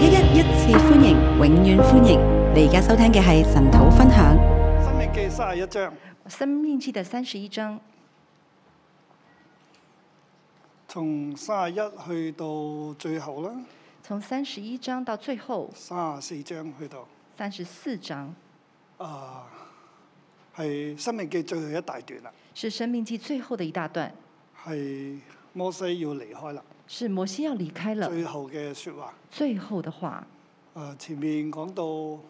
一一一次歡迎，永遠歡迎！你而家收聽嘅係神土分享《生命記》三十一章。《生命記》第三十一章，從三十一去到最後啦。從三十一章到最後，三十四章去到三十四章。啊，係《生命記》最後一大段啦。是《生命記》最後的一大段。係摩西要離開啦。是摩西要離開了。最後嘅說話。最後的話。啊、呃，前面講到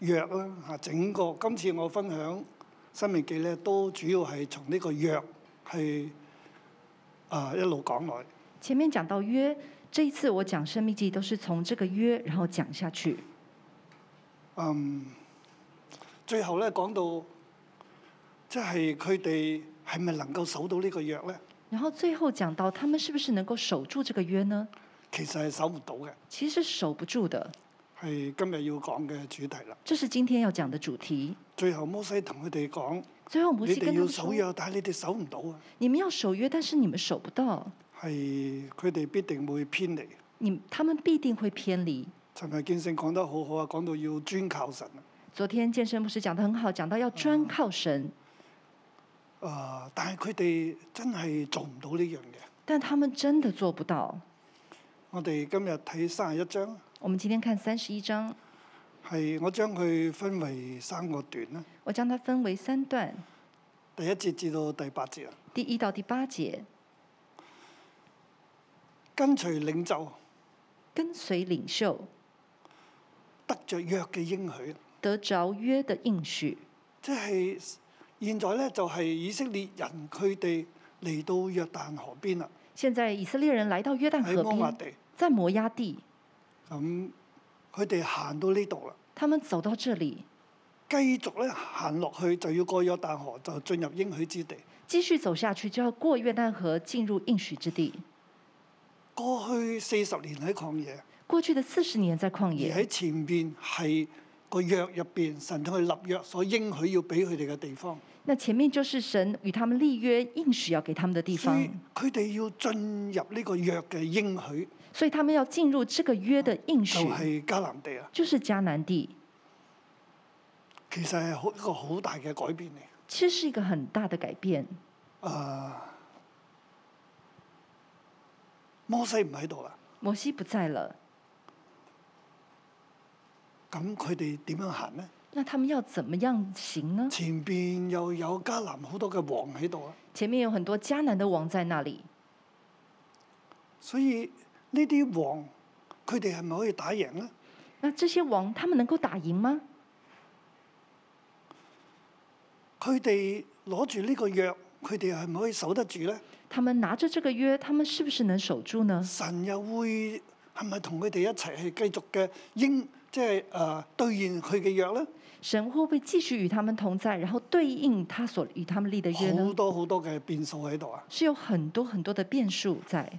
約啦，啊，整個今次我分享申命記咧，都主要係從呢個約去啊、呃、一路講來前面講到約，這一次我講申命記都是從這個約然後講下去。嗯，最後咧講到，即係佢哋係咪能夠守到這個呢個約咧？然後最後講到，他們是不是能夠守住這個約呢？其實係守唔到嘅，其實守不住的。係今日要講嘅主題啦。這是今天要講的主題。最後摩西同佢哋講：，最後摩西你哋要守約，但係你哋守唔到啊！你們要守約，但是你們守不到。係佢哋必定會偏離。你，他們必定會偏離。尋日健身講得好好啊，講到要專靠神。昨天健身博士講得很好，講到要專靠神。嗯但係佢哋真係做唔到呢樣嘢，但他們真的做不到。我哋今日睇三十一章。我們今天看三十一章。係我將佢分為三個段啦。我將它分為三段。第一節至到第八節啊。第一到第八節。跟隨領袖。跟隨領袖。得着約嘅應許。得着約嘅應許。即係。現在咧就係以色列人佢哋嚟到約旦河邊啦。現在以色列人來到約旦河邊，在摩押地。咁佢哋行到呢度啦。他們走到這裡，繼續咧行落去就要過約旦河，就進入應許之地。繼續走下去就要過約旦河，進入應許之地。過去四十年喺曠野。過去的四十年在曠野。喺前邊係。個約入邊，神同佢立約所應許要俾佢哋嘅地方。那前面就是神與他們立約應許要給他們嘅地方。佢哋要進入呢個約嘅應許。所以他們要進入這個約嘅應許。就係迦南地啊。就是迦南地。其實係一個好大嘅改變嚟。其實是一個很大的改變。啊，摩西唔喺度啦。摩西不在了。咁佢哋點樣行呢？那他們要怎麼樣行呢？前邊又有迦南好多嘅王喺度啊！前面有很多迦南的王在那裡，所以呢啲王，佢哋係咪可以打贏呢？那這些王，他們能夠打贏嗎？佢哋攞住呢個約，佢哋係咪可以守得住呢？他們拿着這個約，他們是不是能守住呢？神又會係咪同佢哋一齊去繼續嘅應？即係誒，兌現佢嘅約咧。神會唔會繼續與他們同在，然後對應他所與他們立嘅約咧？好多好多嘅變數喺度啊！是有很多很多嘅變數在、啊。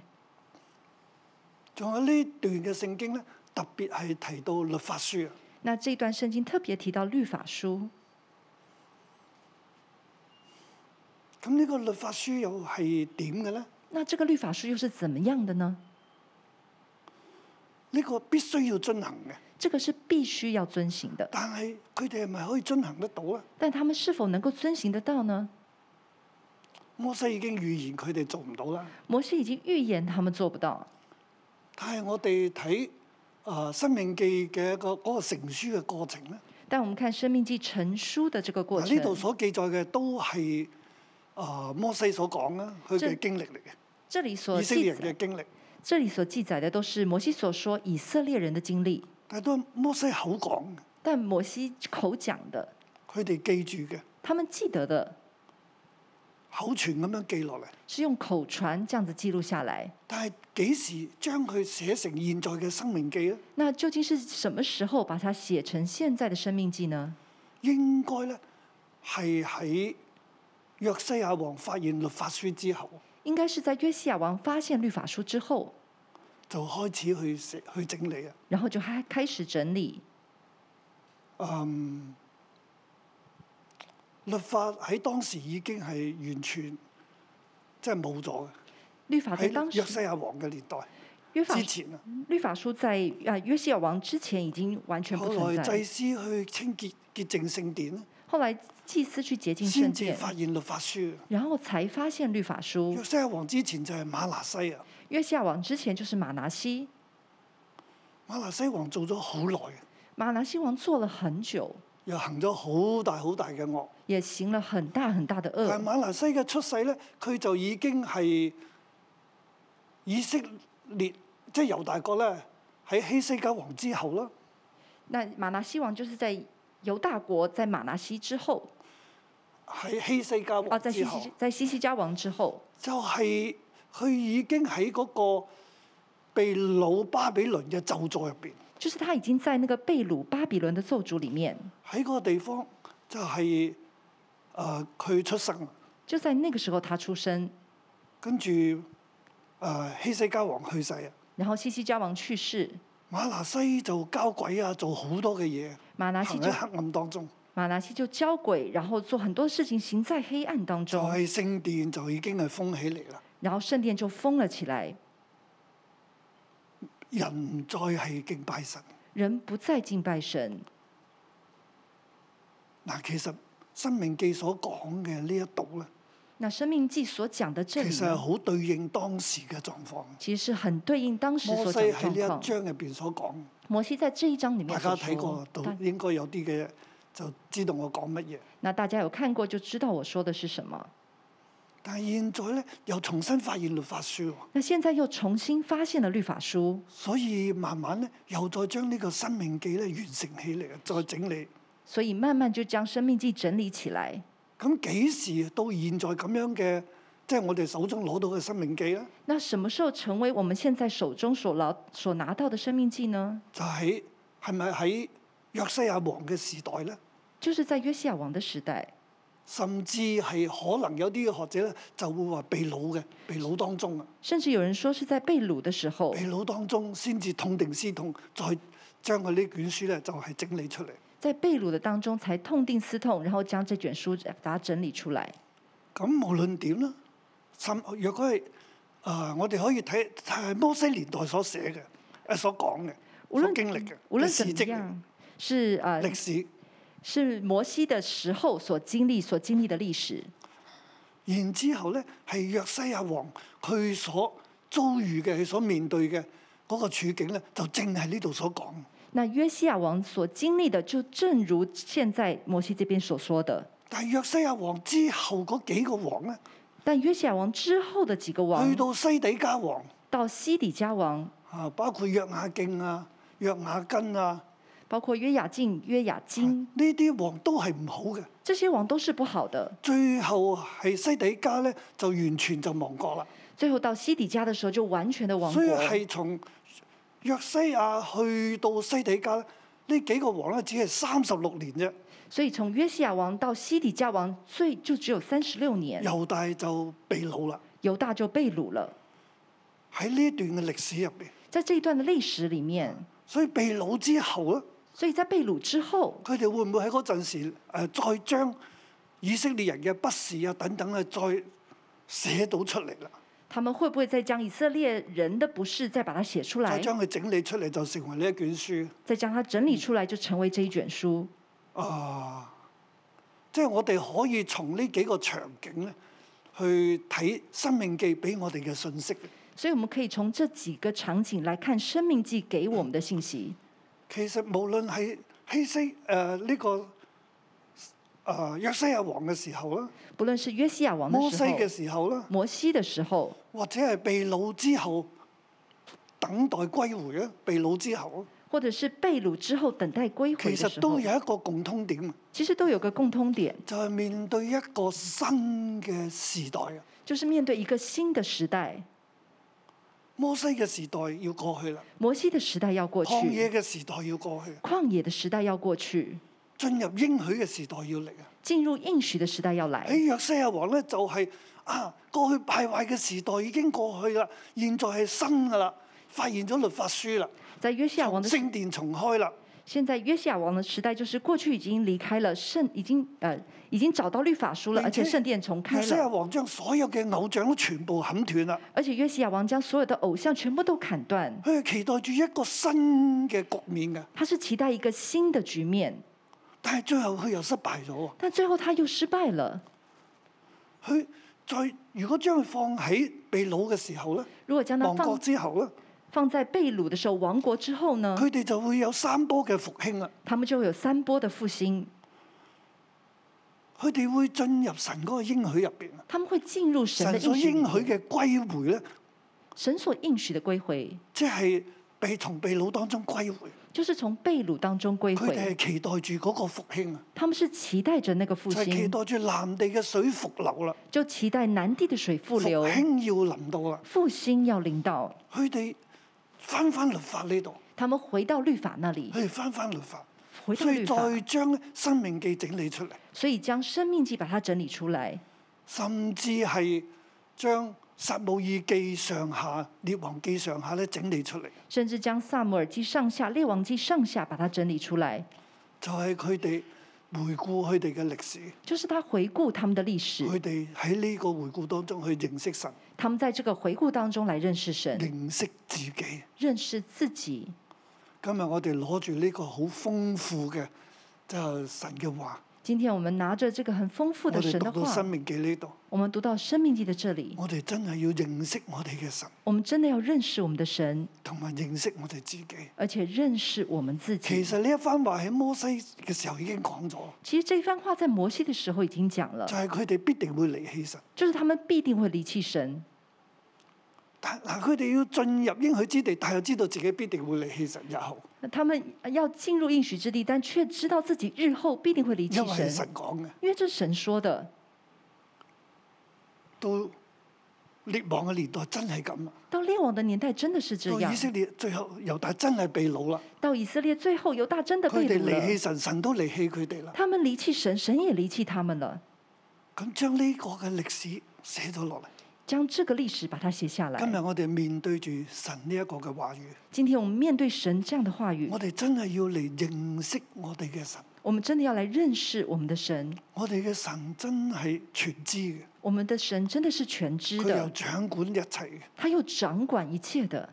仲有段的聖呢段嘅聖經咧，特別係提到律法書、啊。那呢段聖經特別提到律法書。咁呢個律法書又係點嘅咧？那這個律法書又是怎麼樣嘅呢？個的呢、呢個必須要進行嘅。這個是必須要遵循的。但係佢哋係咪可以遵行得到呢？但他們是否能夠遵循得到呢？摩西已經預言佢哋做唔到啦。摩西已經預言他們做不到。但係我哋睇啊《生命記》嘅嗰個、嗰個成書嘅過程咧。但我們看《生命記》成書嘅這個過程。呢度所記載嘅都係啊、呃、摩西所講啦，佢嘅經歷嚟嘅。這裡所以色列人嘅經歷。這裡所記載嘅都是摩西所說以色列人的經歷。但都摩西口講嘅，但摩西口講嘅，佢哋記住嘅，他們記得嘅，口傳咁樣記落嚟，是用口傳這樣子記錄下來。但係幾時將佢寫成現在嘅《申命記》咧？那究竟是什麼時候把它寫成現在嘅《申命記》呢？應該咧係喺約西亞王發現律法書之後，應該是在約西亞王發現律法書之後。就開始去去整理啊！然後就開開始整理。嗯、um，律法喺當時已經係完全，即係冇咗嘅。律法喺約西亞王嘅年代法之前啊，律法書在啊約西亞王之前已經完全。冇咗。祭司去清潔潔淨聖殿，咧。後來祭司去潔淨聖殿，聖殿先至發現律法書，然後才發現律法書。約西亞王之前就係馬拿西啊。約西亞王之前就是馬拿西，馬拿西王做咗好耐嘅。馬拿西王做了很久，又行咗好大好大嘅惡，也行了很大很大的惡。但馬拿西嘅出世咧，佢就已經係以色列即，就是，猶大國咧喺希西家王之後啦，那馬拿西王就是在猶大國在馬拿西之後，喺希西家王之後，在希西家王之後，王之後就係、是。佢已經喺嗰個被擄巴比倫嘅咒詛入邊，就是他已經在那個被擄巴比倫嘅咒詛裡面。喺嗰個地方就係啊，佢出生。就在那個時候，他出生。跟住啊，希西家王去世啊。然後希西家王去世。馬拿西就交鬼啊，做好多嘅嘢。行喺黑暗當中。馬拿西就交鬼，然後做很多事情，行在黑暗當中。在聖殿就已經係封起嚟啦。然後聖殿就封了起來。人再係敬拜神，人不再敬拜神。嗱，其實《生命記》所講嘅呢一度咧，那《生命記》所講的，其實係好對應當時嘅狀況。其實係很對應當時。所以喺呢一章入邊所講，摩西在這一章裡面，章裡面，大家睇過都應該有啲嘅，就知道我講乜嘢。那大家有看過就知道我說的是什麼。但係現在咧，又重新發現律法書。那現在又重新發現了律法書，所以慢慢咧，又再將呢個生命記咧完成起嚟，再整理。所以慢慢就將生命記整理起來。咁幾時到現在咁樣嘅，即係我哋手中攞到嘅生命記咧？那什麼時候成為我們現在手中所攞、所拿到的生命記呢？就喺係咪喺約西亞王嘅時代咧？就是在約西亞王嘅時代。甚至係可能有啲學者咧就會話被擄嘅，被擄當中啊。甚至有人說是在被擄嘅時候，被擄當中先至痛定思痛，再將佢呢卷書咧就係、是、整理出嚟。在被擄嘅當中才痛定思痛，然後將這卷書打整理出來。咁無論點啦，甚若果係啊、呃，我哋可以睇睇係摩西年代所寫嘅啊、呃，所講嘅，無論經歷嘅，無論是咩樣，是啊、uh，歷史。是摩西的時候所經歷，所經歷的歷史，然之後咧係約西亞王佢所遭遇嘅、佢所面對嘅嗰個處境咧，就正係呢度所講。那約西亞王所經歷的就正如現在摩西這邊所說的。但約西亞王之後嗰幾個王咧？但約西亞王之後的幾個王，去到西底家王，到西底家王，啊包括約雅敬啊、約雅斤啊。包括約雅敬、約雅斤，呢啲王都係唔好嘅。這些王都是不好的。最後係西底家咧，就完全就亡國啦。最後到西底家嘅時候，就完全的亡國。所以係從約西亞去到西底家呢幾個王咧，只係三十六年啫。所以從約西亞王到西底家王，所以就只有三十六年。猶大就被擄啦。猶大就被擄了。喺呢一段嘅歷史入邊，在這一段嘅歷、歷史裏面，所以被擄之後咧。所以在被擄之後，佢哋會唔會喺嗰陣時再將以色列人嘅不是啊等等啊再寫到出嚟啦？他們會不會再將以色列人的不是再把它寫出來？再將佢整理出嚟就成為呢一卷書。再將它整理出來，就成為這一卷書。嗯、啊，即、就、係、是、我哋可以從呢幾個場景咧去睇《生命記》俾我哋嘅信息。所以，我們可以從這幾個場景來看《生命記》給我們的信息。其實無論係希西誒呢、呃這個誒、呃、約西亞王嘅時候啦，不論是約西亞王摩西嘅時候啦，摩西嘅時，時候，或者係被擄之後等待歸回咧，被擄之後咧，或者是被擄之後等待歸回嘅時候，其實都有一個共通點。其實都有個共通點，就係面對一個新嘅時代啊，就是面對一個新的時代。就是摩西嘅時代要過去啦，摩西嘅時代要過去。曠野嘅時代要過去，曠野嘅時代要過去。進入應許嘅時代要嚟啊，進入應許嘅時代要嚟。喺約西亞王咧就係、是、啊，過去敗壞嘅時代已經過去啦，現在係新噶啦，發現咗律法書啦，就係約西亞王嘅聖殿重開啦。現在約西亞王的時代就是過去已經離開了聖，已經誒、呃，已經找到律法書了，而且聖殿重開了。約西亞王將所有嘅偶像都全部砍斷啦。而且約西亞王將所有的偶像全部都砍斷。佢係期待住一個新嘅局面嘅。他是期待一個新的局面，但係最後佢又失敗咗。但最後他又失敗了。佢再如果將佢放喺被擄嘅時候咧，如果將佢亡國之後咧？放在被擄的時候，亡國之後呢？佢哋就會有三波嘅復興啦。他們就會有三波的復興，佢哋會進入神嗰個應許入邊。他們會進入神英神所應許嘅歸回咧。神所應許嘅歸回，即係被從被擄當中歸回，就是從被擄當中歸回。佢哋係期待住嗰個復興啊！他們是期待着那個復興，期待住、就是、南地嘅水復流啦。就期待南地嘅水復流，復興要臨到啦，復興要臨到，佢哋。翻翻律法呢度，他們回到律法那裏。佢哋翻翻律法，回到律法，所以再將《申命記》整理出嚟。所以將《申命記》把它整理出來，甚至係將《撒母耳記》上下、《列王記》上下咧整理出嚟。甚至將《撒母耳記》上下、《列王記》上下把它整理出來，就係佢哋。回顧佢哋嘅歷史，就是他回顧他們的歷史。佢哋喺呢個回顧當中去認識神，他們在這個回顧當中來認識神，認識自己，認識自己。今日我哋攞住呢個好豐富嘅，就係神嘅話。今天我們拿着這個很豐富的神的話，到《生命記》呢度，我們讀到《生命記》的這裏，我哋真係要認識我哋嘅神，我們真的要認識我們的神，同埋認識我哋自己，而且認識我們自己。其實呢一番話喺摩西嘅時候已經講咗，其實呢番話在摩西嘅時候已經講咗，就係佢哋必定會離棄神，就係佢哋必定會離棄神。佢哋要進入應許之地，但又知道自己必定會離棄神日後。佢哋要進入應許之地，但卻知道自己日後必定會離棄神。因為神講嘅，因為是神說的。到列王嘅年代真係咁啊！到列王嘅年代真的是這樣。以色列最後猶大真係被擄啦。到以色列最後猶大真的被擄啦。佢哋離棄神，神都離棄佢哋啦。他們離棄神，神也離棄他們了。咁將呢個嘅歷史寫咗落嚟。將這個歷史把它寫下來。今日我哋面對住神呢一個嘅話語。今天我們面對神這樣的話語。我哋真係要嚟認識我哋嘅神。我們真的要嚟認識我們的神。我哋嘅神真係全知嘅。我們的神真的是全知的。佢又掌管一切嘅。他又掌管一切的。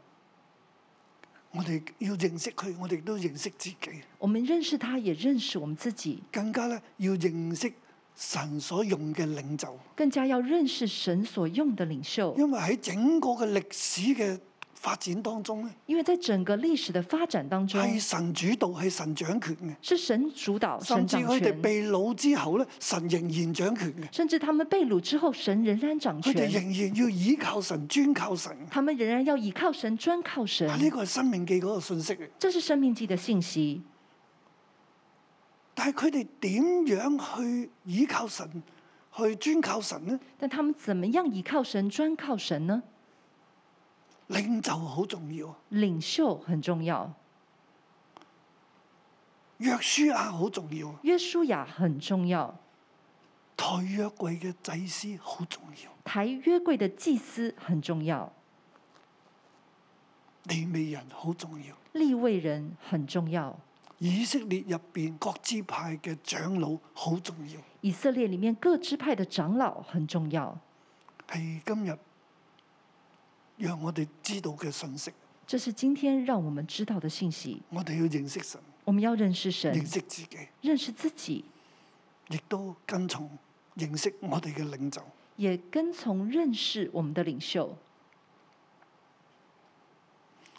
我哋要認識佢，我哋都認識自己。我們認識他，也認識我們自己。更加咧，要認識。神所用嘅領袖，更加要認識神所用嘅領袖。因為喺整個嘅歷史嘅發展當中咧，因為在整個歷史嘅發展當中，係神主導，係神掌權嘅。是神主導，甚至佢哋被擄之後咧，神仍然掌權嘅。甚至他們被擄之後，神仍然掌權。佢哋仍然要倚靠神，專靠神。佢哋仍然要倚靠神，專靠神。呢個係生命記嗰個信息。這是生命記嘅信息。但係佢哋點樣去倚靠神，去專靠神呢？但他們怎麼樣倚靠神、專靠神呢？領袖好重要。領袖很重要。約書亞好重要。約書亞很重要。抬約櫃嘅祭司好重要。抬約櫃的祭司很重要。利未人好重要。利未人很重要。以色列入邊各支派嘅長老好重要。以色列裏面各支派嘅長老很重要。係今日讓我哋知道嘅信息。這是今天讓我們知道嘅信息。我哋要認識神。我們要認識神。認識自己。認識自己，亦都跟從認識我哋嘅領袖。也跟從認識我們的領袖。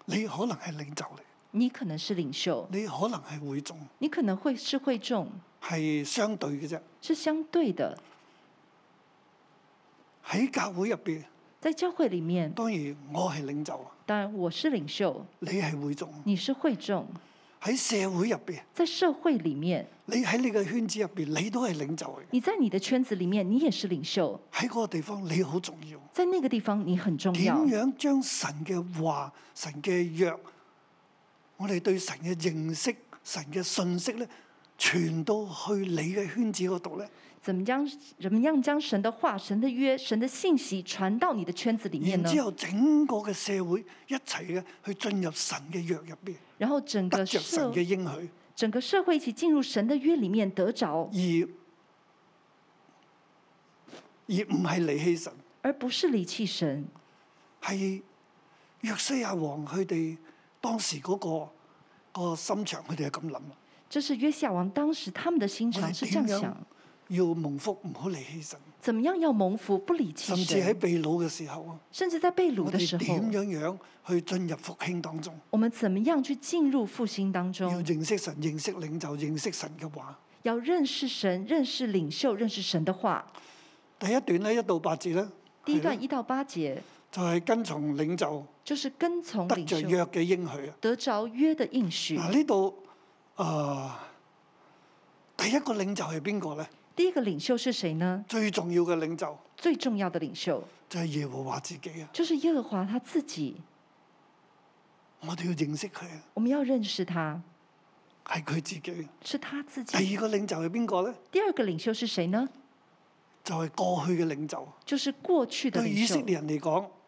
你可能係領袖嚟。你可能是領袖，你可能係會眾，你可能會是會眾，係相對嘅啫，是相對的。喺教會入邊，在教會裏面，當然我係領袖，當然我是領袖，你係會眾，你是會眾。喺社會入邊，在社會裏面，你喺你嘅圈子入邊，你都係領袖。你在你的圈子裏面，你也是領袖。喺嗰個地方你好重要，在那個地方你很重要。點樣將神嘅話、神嘅約？我哋對神嘅認識、神嘅信息咧，傳到去你嘅圈子嗰度咧，怎麼樣？怎麼樣將神的話、神的約、神的信息傳到你的圈子裏面呢？之後整個嘅社會一齊嘅去進入神嘅約入邊，得着神嘅應許。整個社會一起進入神嘅約裏面得着，而而唔係離棄神，而不是離棄神，係約西亞王佢哋。當時嗰、那個那個心腸，佢哋係咁諗。就是約瑟王當時他們的心腸是這樣想。樣要蒙福，唔好離棄神。怎麼樣要蒙福，不離棄神？甚至喺被擄嘅時候啊！甚至在被擄嘅時，時候。我哋點樣去進入復興當中？我們怎麼樣去進入復興當中？要認識神，認識領袖，認識神嘅話。要認識神，認識領袖，認識神嘅話。第一段呢，一到八節咧。第一段一到八節。就係、是、跟從領袖，就是跟從得着約嘅應許啊！得着約的應許。嗱呢度啊，第一個領袖係邊個咧？第一個領袖係誰呢？最重要嘅領袖。最重要的領袖就係耶和華自己啊！就是耶和華、就是、他自己。我哋要認識佢啊！我們要認識他。係佢自己。是他自己。第二個領袖係邊個咧？第二個領袖係誰呢？就係、是、過去嘅領袖。就是過去的領袖。對以色列人嚟講。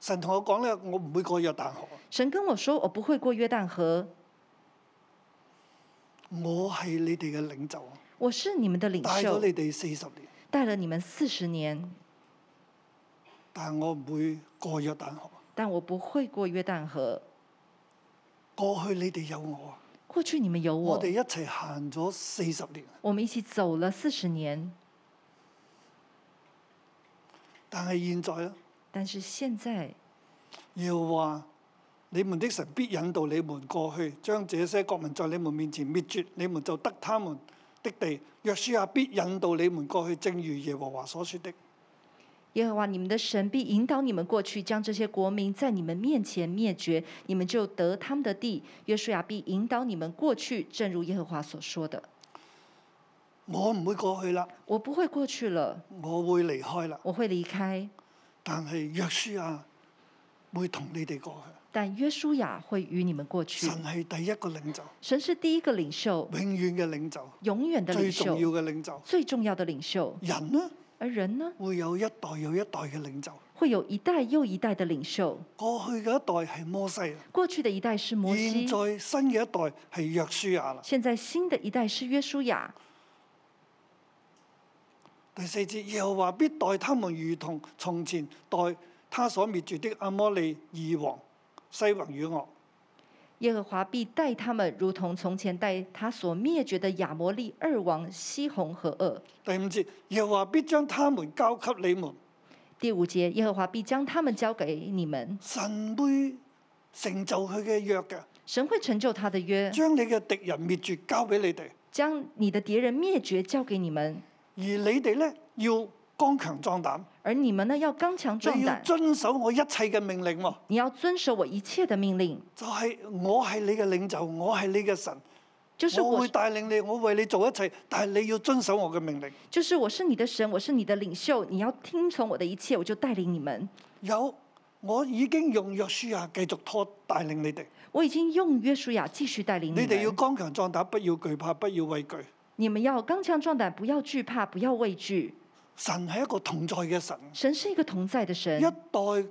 神同我講咧，我唔會過約旦河。神跟我說，我不會過約旦河。我係你哋嘅領袖啊！我是你們的領袖。帶咗你哋四十年。帶了你們四十年。但我唔會過約旦河。但我不會過約旦河。過去你哋有我。過去你們有我。我哋一齊行咗四十年。我們一起走了四十年。但係現在咧。但是現在，耶和華，你們的神必引導你們過去，將這些國民在你們面前滅絕，你們就得他們的地。約書亞必引導你們過去，正如耶和華所說的。耶和華，你們的神必引導你們過去，將這些國民在你們面前滅絕，你們就得他們的地。約書亞必引導你們過去，正如耶和華所說的。我唔會過去啦。我不會過去了。我會離開啦。我會離開。但係約書亞會同你哋過去。但約書亞會與你們過去。神係第一個領袖。神是第一個領袖，永遠嘅領袖。永遠嘅領袖。最重要嘅領袖。最重要的領袖。人呢？而人呢？會有一代又一代嘅領袖。會有一代又一代的領袖。過去嘅一代係摩西。過去的一代是摩西。現在新嘅一代係約書亞啦。現在新的一代是約書亞。第四節，耶和華必待他們如同從前待他所滅絕的阿摩利二王西宏與噩。耶和華必待他們如同從前待他所滅絕的亞摩利二王西宏和噩。第五節，耶和華必將他們交給你們。第五節，耶和華必將他們交給你們。神會成就佢嘅約嘅。神會成就他的約。將你嘅敵人滅絕，交俾你哋。將你的敵人滅絕，交給你們。而你哋咧要剛強壯膽，而你們呢要剛強壯膽，就要遵守我一切嘅命令喎、哦。你要遵守我一切嘅命令，就係、是、我係你嘅領袖，我係你嘅神、就是我，我會帶領你，我為你做一切，但係你要遵守我嘅命令。就是我是你的神，我是你的領袖，你要聽從我的一切，我就帶領你們。有，我已經用約書亞繼續拖帶領你哋。我已經用約書亞繼續帶領你哋。你哋要剛強壯膽，不要懼怕，不要畏懼。你們要剛強壯膽，不要懼怕，不要畏懼。神係一個同在嘅神。神是一個同在嘅神。一代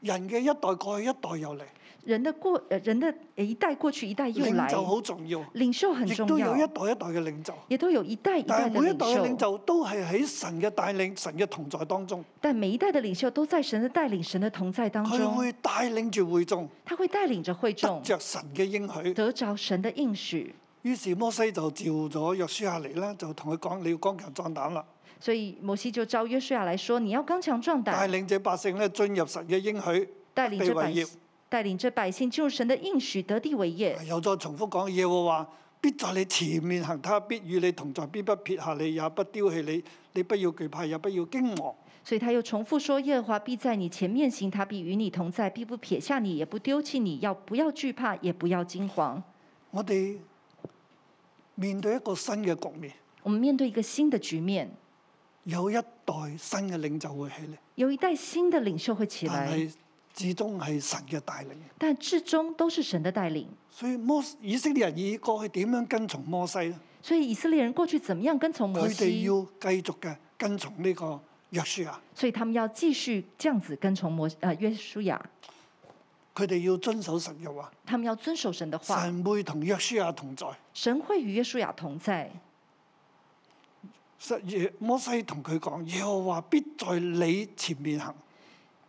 人嘅一代過去，一代又嚟。人的過，人的誒一代過去，一代又嚟。就好重要。領袖很重要。都有一代一代嘅領袖。亦都有一代一代嘅領袖。但係每一代嘅領袖都係喺神嘅帶領、神嘅同在當中。但每一代嘅領袖都在神嘅帶領、神嘅同在當中。佢會帶領住會眾。佢會帶領着會眾。得着神嘅應許。得着神嘅應許。於是摩西就召咗約書亞嚟啦，就同佢講：你要剛強壯膽啦。所以摩西就召約書亞嚟說：你要剛強壯膽。帶領這百姓咧進入神嘅應許得地為業。帶領這百,百姓就神的應許得地為業。又再重複講耶和華必在你前面行他，他必與你同在，必不撇下你，也不丟棄你。你不要懼怕，也不要驚愕。所以他又重複說：耶和華必在你前面行，他必與你同在，必不撇下你，也不丟棄你。要不要懼怕，也不要驚惶。我哋。面對一個新嘅局面，我們面對一個新的局面，有一代新嘅領袖會起嚟，有一代新的領袖會起來，但係至終係神嘅帶領，但至終都是神嘅帶領。所以摩以色列人以過去點樣跟從摩西呢？所以以色列人過去怎麼樣跟從摩西？佢哋要繼續嘅跟從呢個約書亞，所以他們要繼續這樣子跟從摩啊約書亞。佢哋要遵守神嘅話，他們要遵守神的話。神會同約書亞同在，神會與約書亞同在。摩西同佢講，耶和華必在你前面行。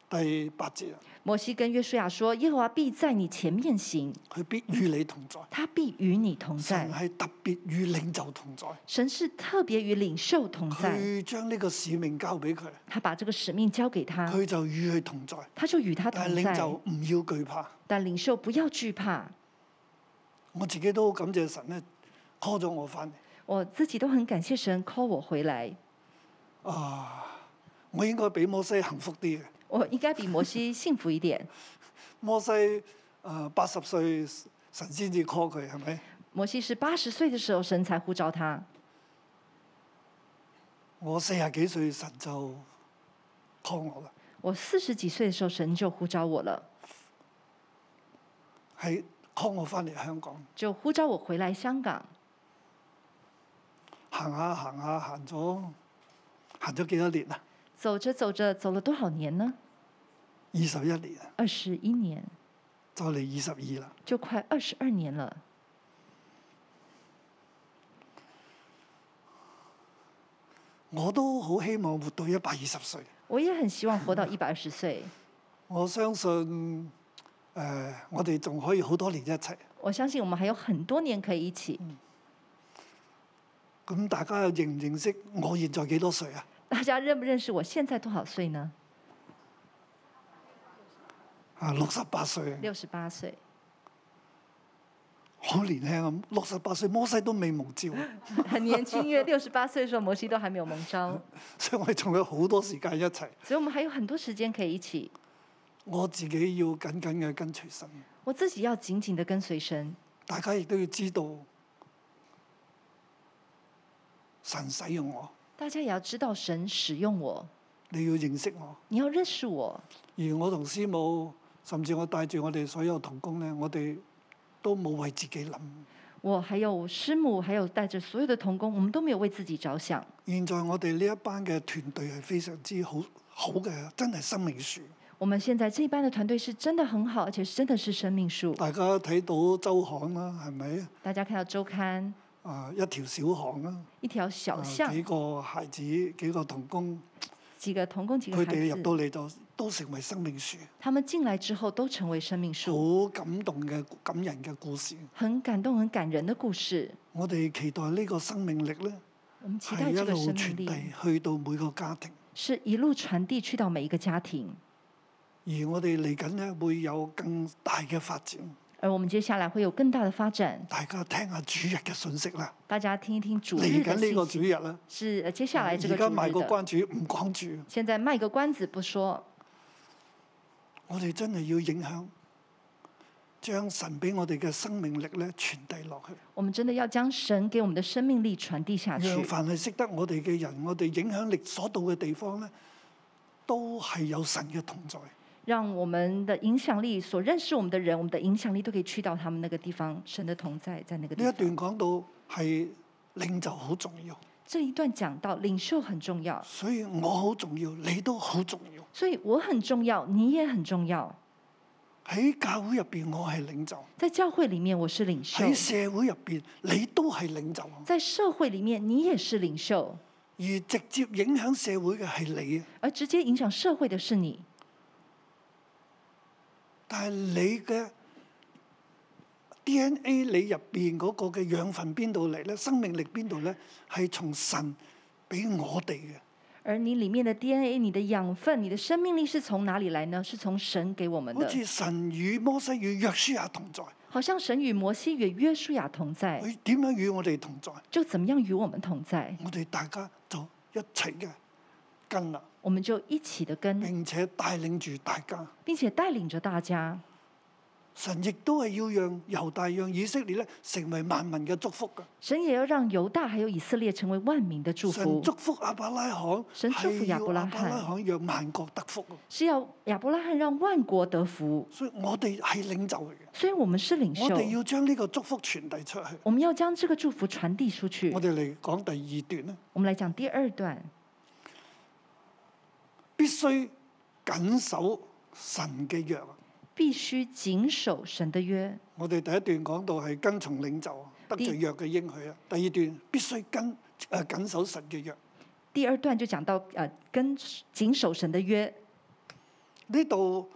第八節啊！摩西跟約書亞說：耶和華必在你前面行，佢必與你同在。他必與你同在。神係特別與領袖同在。神是特別與領袖同在。佢將呢個使命交俾佢，他把這個使命交給他，佢就與佢同在。他就與他同在。但領袖唔要懼怕，但領袖不要懼怕。我自己都感謝神咧，call 咗我返嚟。我自己都很感謝神 call 我，我，我回來。啊，我應該比摩西幸福啲嘅。我應該比摩西幸福一點。摩西，誒八十歲神先至 call 佢係咪？摩西是八十歲嘅時候神才呼召他。我四十幾歲神就 call 我啦。我四十幾歲嘅時候神就呼召我了，係 call 我翻嚟香港。就呼召我回來香港。行下行下行咗，行咗、啊、幾多年啊？走着走着走了多少年呢？二十一年，二十一年，再嚟二十二啦，就快二十二年啦。我都好希望活到一百二十歲。我也很希望活到一百二十歲。我相信、呃，我哋仲可以好多年一齊。我相信我們還有很多年可以一起。咁大家認唔認識我現在幾多歲啊？大家認不認識我現在多少歲呢？啊，六十八歲。六十八歲，好年輕啊！六十八歲，摩西都未蒙召。很年輕，因為六十八歲嘅時候，摩西都還沒有蒙召。所以我哋仲有好多時間一齊。所以我們還有很多時間可以一起。我自己要緊緊嘅跟隨神。我自己要緊緊的跟隨神。大家亦都要知道神使用我。大家也要知道神使用我。你要認識我。你要認識我。而我同師母。甚至我帶住我哋所有同工咧，我哋都冇為自己諗。我還有師母，還有帶住所有的同工，我們都沒有為自己着想。現在我哋呢一班嘅團隊係非常之好，好嘅，真係生命樹。我們現在這班嘅團隊是真的很好，而且真的是生命樹。大家睇到周刊啦，係咪？大家睇到周刊。啊，一條小巷啦。一條小巷，啊。幾個孩子，幾個同工。幾個同工，幾個孩子。佢哋入到嚟就。都成為生命樹，他們進來之後都成為生命樹，好感動嘅感人嘅故事，很感動、很感人的故事。我哋期待呢個生命力咧，一路傳遞去到每個家庭，是一路傳遞去到每一個家庭，而我哋嚟緊咧會有更大嘅發展。而我們接下來會有更大嘅發展，大家聽下主日嘅信息啦。大家聽一聽主嚟緊呢個主日啦，是接下來。而家賣個關子唔講住，現在賣個關子不說。我哋真係要影響，將神俾我哋嘅生命力咧傳遞落去。我們真的要將神給我們的生命力傳遞下去。凡係識得我哋嘅人，我哋影響力所到嘅地方咧，都係有神嘅同在。讓我們的影響力所認識我們的人，我們的影響力都可以去到他們那個地方，神的同在在那個地方。呢一段講到係領袖好重要。這一段講到領袖很重要，所以我好重要，你都好重要，所以我很重要，你也很重要。喺教會入邊，我係領袖，在教會裏面我是領袖。喺社會入邊，你都係領袖，在社會裏面你也是領袖，而直接影響社會嘅係你，而直接影響社會嘅是你，但係你嘅。DNA 你入邊嗰個嘅養分邊度嚟咧？生命力邊度咧？係從神俾我哋嘅。而你裏面嘅 DNA，你嘅養分，你嘅生命力是從哪裏來呢？是從神給我們的。好似神與摩西與約書亞同在。好像神與摩西與約書亞同在。佢點樣與我哋同在？就怎麼樣與我們同在？我哋大家就一齊嘅跟啦。我們就一起的跟。並且帶領住大家。並且帶領着大家。神亦都係要讓猶大，讓以色列咧成為萬民嘅祝福噶神也要讓猶大還有以色列成為萬民嘅祝，祝福。神祝福阿伯拉罕。神祝福亞伯拉罕。亞伯拉罕讓萬國得福。是要亞伯拉罕讓萬國得福。所以我哋係領袖嚟嘅。所以我們是領袖。我哋要將呢個祝福傳遞出去。我們要將這個祝福傳遞出去。我哋嚟講第二段啦。我們來講第二段。必須謹守神嘅約。必須謹守神的約。我哋第一段講到係跟從領袖，得罪約嘅應許啊。第二段必須跟誒謹、啊、守神嘅約。第二段就講到誒、啊、跟謹守神的約。呢度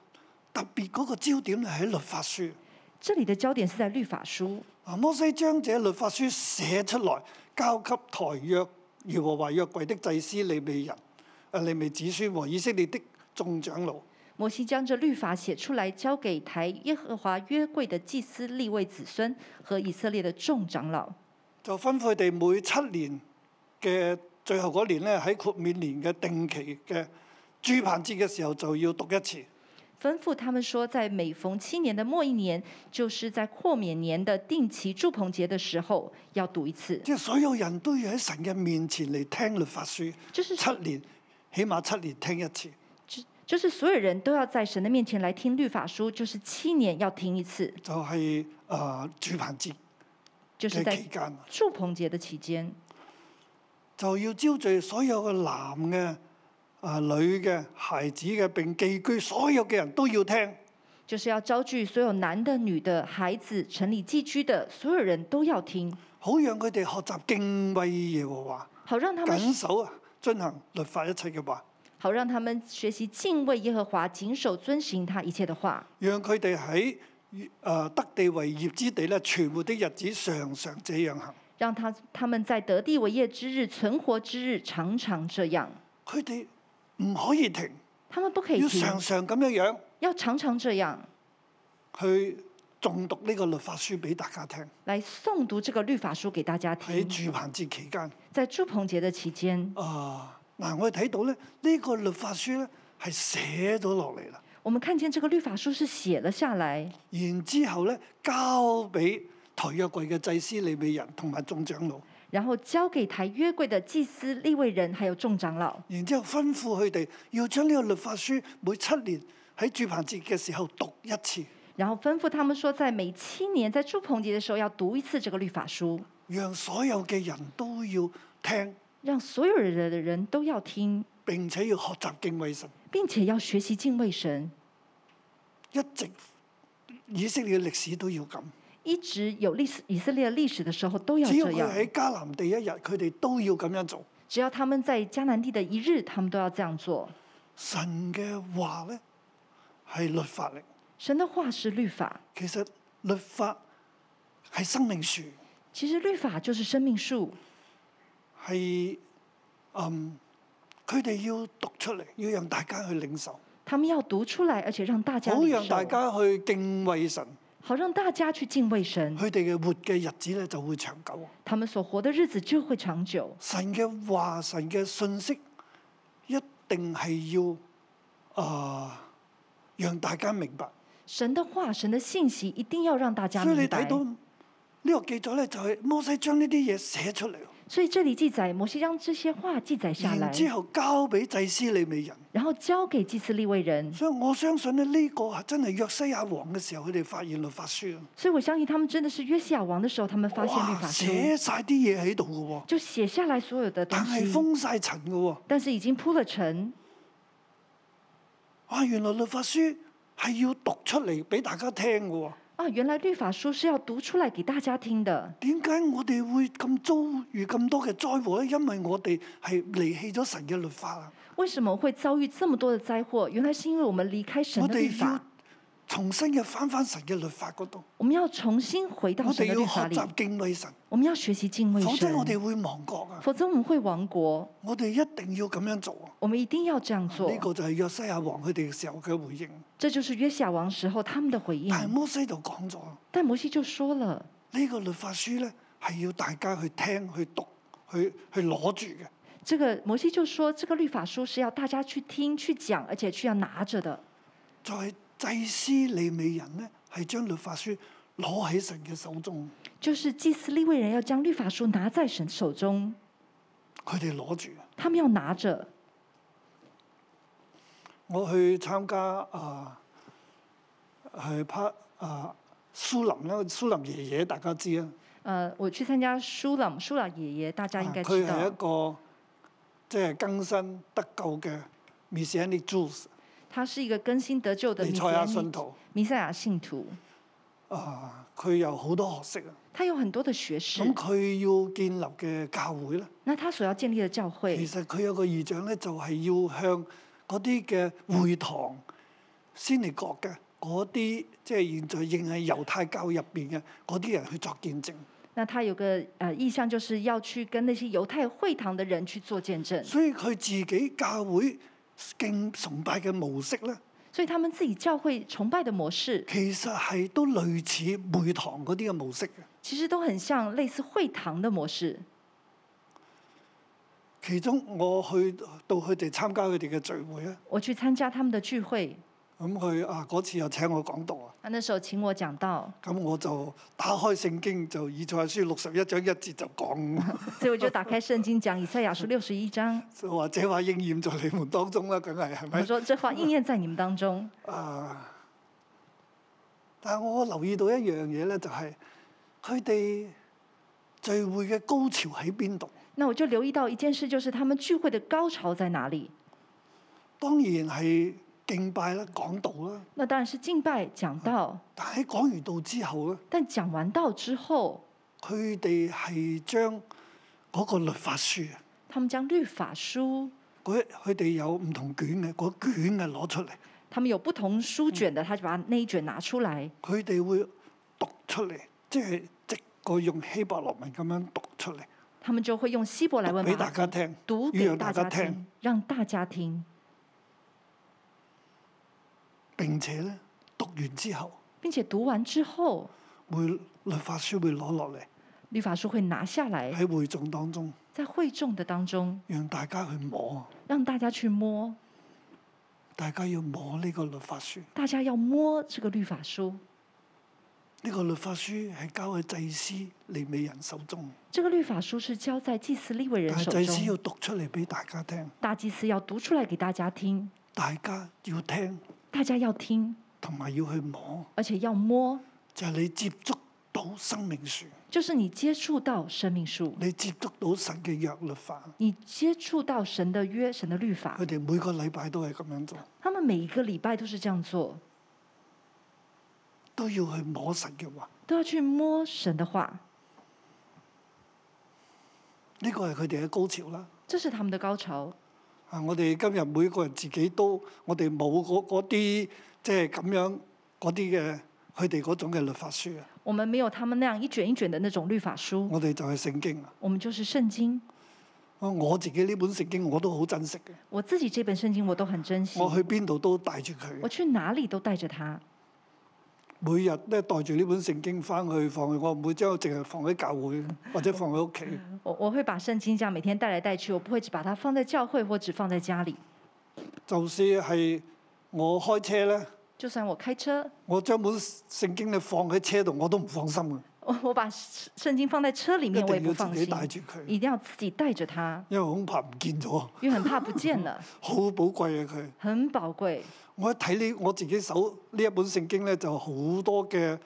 特別嗰個焦點係喺律法書。這裡的焦點是在律法書。啊，摩西將這律法書寫出來，交給台約耶和華約櫃的祭司利未人，誒、啊，利未子孫和以色列的眾長老。摩西將這律法寫出來，交給台耶和華約櫃的祭司利未子孫和以色列的眾長老，就吩咐佢哋：「每七年嘅最後嗰年咧，喺豁免年嘅定期嘅住棚節嘅時候就要讀一次。吩咐他們說，在每逢七年的末一年，就是在豁免年的定期住棚節的時候，要讀一次。即係所有人都要喺神嘅面前嚟聽律法書，就是，七年起碼七年聽一次。就是所有人都要在神的面前來聽律法書，就是七年要聽一次。就係、是、誒，住、呃、棚節，就是在住棚節的期間，就要招聚所有嘅男嘅、啊、呃、女嘅、孩子嘅，並寄居所有嘅人都要聽。就是要招聚所有男的、女的、孩子、城裏寄居的所有人都要聽，好讓佢哋學習敬畏耶和華，好讓他們謹守啊，遵行律法一切嘅話。好讓他們學習敬畏耶和華，謹守遵行他一切的話。讓佢哋喺誒得地為業之地咧，存活的日子常常這樣行。讓他他們在得地為業之日，存活之日，常常這樣。佢哋唔可以停。他們不可以停。要常常咁樣樣。要常常這樣。去誦讀呢個律法書俾大家聽。來誦讀這個律法書給大家聽。喺住棚節期間。在住棚節嘅期間。啊、呃。嗱，我哋睇到咧，呢個律法書咧係寫咗落嚟啦。我們看見這個律法書是寫了下來。然之後咧，交俾台約櫃嘅祭司利未人同埋眾長老。然後交給台約櫃嘅祭司利未人還有眾長老。然之後吩咐佢哋要將呢個律法書每七年喺住棚節嘅時候讀一次。然後吩咐他們說，在每七年在住棚節的時候要讀一次這個律法書。讓所有嘅人都要聽。讓所有人的人都要聽，並且要學習敬畏神，並且要學習敬畏神。一直以色列歷史都要咁，一直有歷史以色列歷史嘅時候都要這樣。只要佢喺迦南地一日，佢哋都要咁樣做。只要他們在迦南地的一日，他們都要這樣做。神嘅話呢係律法嚟，神的話是律法。其實律法係生命樹，其實律法就是生命樹。係嗯，佢哋要讀出嚟，要讓大家去領受。他們要讀出嚟，而且讓大家好讓大家去敬畏神。好讓大家去敬畏神，佢哋嘅活嘅日子咧就會長久。他們所活嘅日子就會長久。神嘅話，神嘅信息一定係要啊、呃、讓大家明白。神的話，神的信息一定要讓大家明白。所以你睇到呢個記載咧，就係摩西將呢啲嘢寫出嚟。所以這裏記載，摩西將這些話記載下來，然之後交俾祭司利未人，然後交給祭司利未人。所以我相信呢，呢個係真係約西亞王嘅時候，佢哋發現律法書。所以我相信他們真的是約西亞王嘅時候，他們發現律法書。寫晒啲嘢喺度嘅喎，就寫下來所有嘅，但係封晒塵嘅喎，但是已經鋪咗塵。啊，原來律法書係要讀出嚟俾大家聽嘅。啊，原來律法書是要讀出來給大家聽的。點解我哋會咁遭遇咁多嘅災禍咧？因為我哋係離棄咗神嘅律法。啊。為什麼會遭遇這麼多嘅災禍？原來是因為我們離開神嘅律法。重新嘅翻翻神嘅律法嗰度，我們要重新回到神嘅法裏，我們要學習敬畏神，否則我哋會亡國啊！否則我們會亡國。我哋一定要咁樣做啊！我們一定要這樣做。呢、啊這個就係約西亞王佢哋嘅時候嘅回應。這就是約西亞王時候他們的回應。但摩西就講咗，但摩西就說了，呢、這個律法書咧係要大家去聽、去讀、去去攞住嘅。這個摩西就說，這個律法書是要大家去聽、去講，而且去要拿着的。在祭司利未人咧，係將律法書攞喺神嘅手中。就是祭司利未人要將律法書拿在神手中。佢哋攞住，他們要拿着。我去參加啊，係 part 啊蘇林啦，蘇林爺爺大家知啊。誒、呃，我去參加蘇林，蘇林爺爺大家應該知道。佢、啊、係一個即係、就是、更新得救嘅未死嘅 Jews。他是一個更新得救的彌賽亞信徒，彌賽亞信徒。啊，佢有好多學識啊！他有很多嘅學識。咁佢要建立嘅教會咧？那他所要建立嘅教會？其實佢有個異象咧，就係要向嗰啲嘅會堂先嚟講嘅，嗰啲即係現在仍係猶太教入邊嘅嗰啲人去作見證。那他有個誒意向，就是要去跟那些猶太會堂嘅人去做見證。所以佢自己教會。敬崇拜嘅模式咧，所以他們自己教會崇拜嘅模式其實，係都類似會堂嗰啲嘅模式。其實都，其實都很像類似會堂嘅模式。其中我去到佢哋參加佢哋嘅聚會啊，我去參加他們嘅聚會。咁佢啊嗰次又請我講道啊！啊，呢時候請我講道。咁我就打開聖經，就以賽亞書六十一章一節就講。 所以我就打開聖經，講以賽亞書六十一章。或者這話應驗在你們當中啦，梗係係咪？即話：這話應驗在你們當中。啊！但係我留意到一樣嘢咧，就係佢哋聚會嘅高潮喺邊度？那我就留意到一件事，就是他們聚會嘅高，高潮在哪裡？當然係。敬拜啦，講道啦。那當然是敬拜、講道。但喺講完道之後咧？但講完道之後，佢哋係將嗰個律法書。佢哋將律法書嗰佢哋有唔同卷嘅嗰、那個、卷嘅攞出嚟。佢哋有不同書卷嘅，嗯、他就把呢卷拿出嚟，佢哋會讀出嚟，即係即個用希伯來文咁樣讀出嚟。佢哋就會用希伯來文俾大家聽，讀俾大家聽，讓大家聽。並且咧，讀完之後。並且讀完之後。會律法書會攞落嚟。律法書會拿下來，喺會眾當中。在會眾的當中。讓大家去摸。讓大家去摸。大家要摸呢個律法書。大家要摸這個律法書。呢個律法書係交喺祭司利未人手中。呢個律法書是交在祭司利未人手中。祭司要讀出嚟俾大家聽。大祭司要讀出來給大家聽。大家要聽。大家要聽，同埋要去摸，而且要摸，就係你接觸到生命樹，就是你接觸到生命樹，你接觸到神嘅約、律法，你接觸到神嘅約、神嘅律法。佢哋每個禮拜都係咁樣做，他們每一個禮拜都是這樣做，都要去摸神嘅話，都要去摸神嘅話，呢個係佢哋嘅高潮啦。即係他們嘅高潮。啊！我哋今日每個人自己都，我哋冇嗰啲即係咁樣嗰啲嘅佢哋嗰種嘅律法書。我們沒有他們那樣一卷一卷的那種律法書。我哋就係聖經。我們就是聖經。我自己呢本聖經我都好珍惜嘅。我自己這本聖經我都很珍惜。我去邊度都帶住佢。我去哪裡都帶著它。每日都係帶住呢本聖經翻去放佢，我唔會將佢淨係放喺教會或者放喺屋企。我我會把聖經就這樣每天帶來帶去，我不會只把它放在教會或只放在家裡。就算、是、係我開車咧，就算我開車，我將本聖經咧放喺車度我都唔放心嘅。我我把聖經放在車裡面，我也不放心。一定要自己帶住佢，一定要自己帶著它，因為恐怕唔見咗，因為很怕不見了，好 寶貴嘅、啊、佢，很寶貴。我一睇呢，我自己手呢一本聖經咧，就好多嘅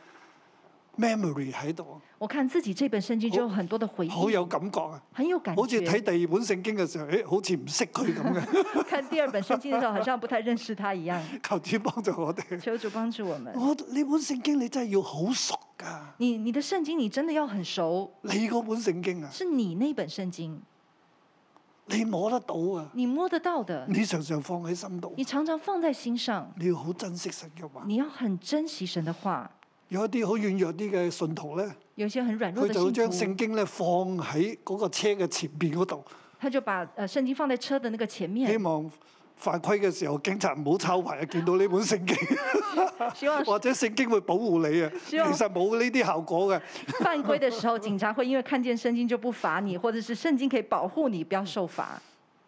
memory 喺度。我看自己這本聖經就有很多的回憶，好有感覺啊，很有感覺。好似睇第二本聖經嘅時候，誒，好似唔識佢咁嘅。看第二本聖經嘅時、哎、 時候，好像不太認識他一樣。 求主幫助我哋。求主幫助我們。我呢本聖經你真係要好熟噶。你你的聖經你真的要很熟。你嗰本聖經啊？是你那本聖經。你摸得到啊！你摸得到的，你常常放喺心度，你常常放在心上，你要好珍惜神嘅話，你要很珍惜神的話。有一啲好軟弱啲嘅信徒咧，有些很軟弱的信徒，佢就將聖經咧放喺嗰個車嘅前邊嗰度。佢就把誒聖經放在車嘅那個前面。希望。犯規嘅時候，警察唔好抄牌啊！見到呢本聖經， 或者聖經會保護你啊！其實冇呢啲效果嘅。 犯規嘅時候，警察會因為看見聖經就不罰你，或者是聖經可以保護你，不要受罰。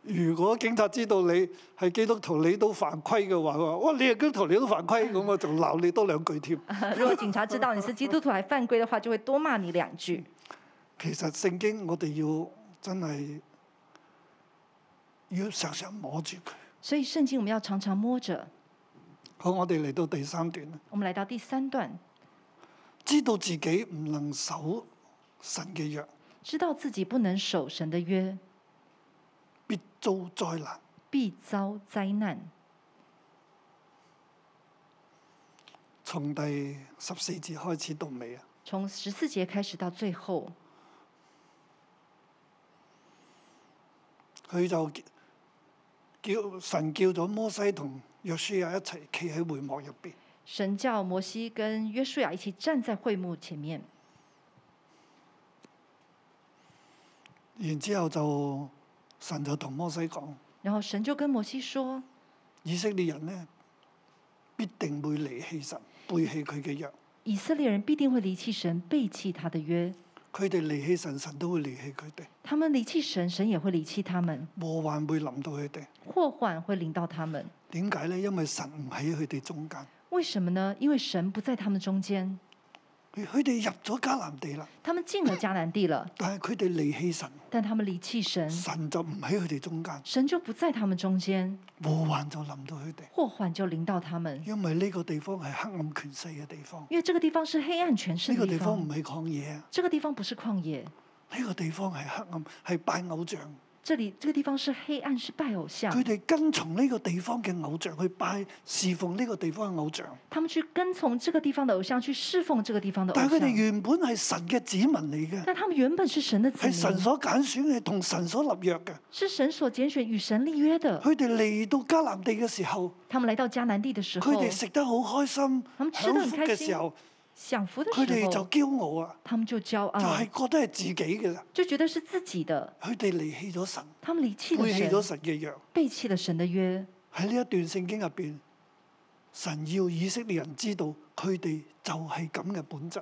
如果警察知道你係基督徒，你都犯規嘅話，哇！你係基督徒，你都犯規咁我就鬧你多兩句添。如果警察知道你是基督徒，係犯規嘅話， 話，就會多罵你兩句。其實聖經我哋要真係要常常摸住佢。所以聖經我們要常常摸着。好，我哋嚟到第三段。我們嚟到第三段，知道自己唔能守神嘅約。知道自己不能守神的約，必遭災難。必遭災難。從第十四節開始到尾啊！從十四節開始到最後，佢就。叫神叫咗摩西同約書亞一齊企喺會幕入邊。神叫摩西跟約書亞一齊站在會幕前面。然之後就神就同摩西講。然後神就跟摩西說：以色列人呢，必定會離棄神，背棄佢嘅約。以色列人必定會離棄神，背棄他的約。佢哋離棄神，神都會離棄佢哋。他們離棄神，神也會離棄他們。禍患會臨到佢哋。禍患會臨到他們。點解呢？因為神唔喺佢哋中間。為什麼呢？因為神不在他們中間。佢哋入咗迦南地啦，他們進了迦南地了。但係佢哋離棄神，但他們離棄神，神就唔喺佢哋中間，神就不在他們中間。禍患就臨到佢哋，禍患就臨到他們，因為呢個地方係黑暗權勢嘅地方。因為呢個地方是黑暗權勢地方。呢個地方唔係曠野啊，這個地方不是曠野。呢、這個地方係、這個、黑暗，係拜偶像。這裏這個地方是黑暗，是拜偶像。佢哋跟從呢個地方嘅偶像去拜，侍奉呢個地方嘅偶像。他們去跟從這個地方的偶像去侍奉這個地方的。但係佢哋原本係神嘅子民嚟嘅。但他們原本是神的子民。係神，神所揀選，係同神所立約嘅。是神所揀選與神立約的。佢哋嚟到迦南地嘅時候，他們來到迦南地的時候，佢哋食得好開心，享福嘅時候，的佢哋就驕傲啊！他們就驕傲，就驕傲，就係、是、覺得係自己嘅啦，就覺得是自己嘅。佢哋離棄咗神，他們離棄咗神嘅約，背棄，棄了神的約。喺呢一段聖經入邊，神要以色列人知道佢哋就係咁嘅本質。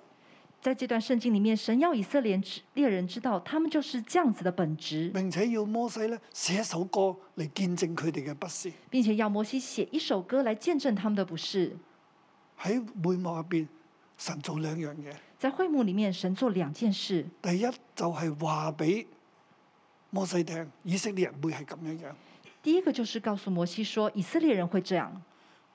喺這段聖經裡面，神要以色列人知道，他們就是這樣子的本質，並且要摩西咧寫一首歌嚟見證佢哋嘅不是，並且要摩西寫一首歌嚟見證他們嘅不是。喺會幕入邊。神做兩樣嘢，在會幕裏面神做兩件事。第一就係話俾摩西聽，以色列人會係咁樣樣。第一個就是告訴摩西說，以色列人會這樣。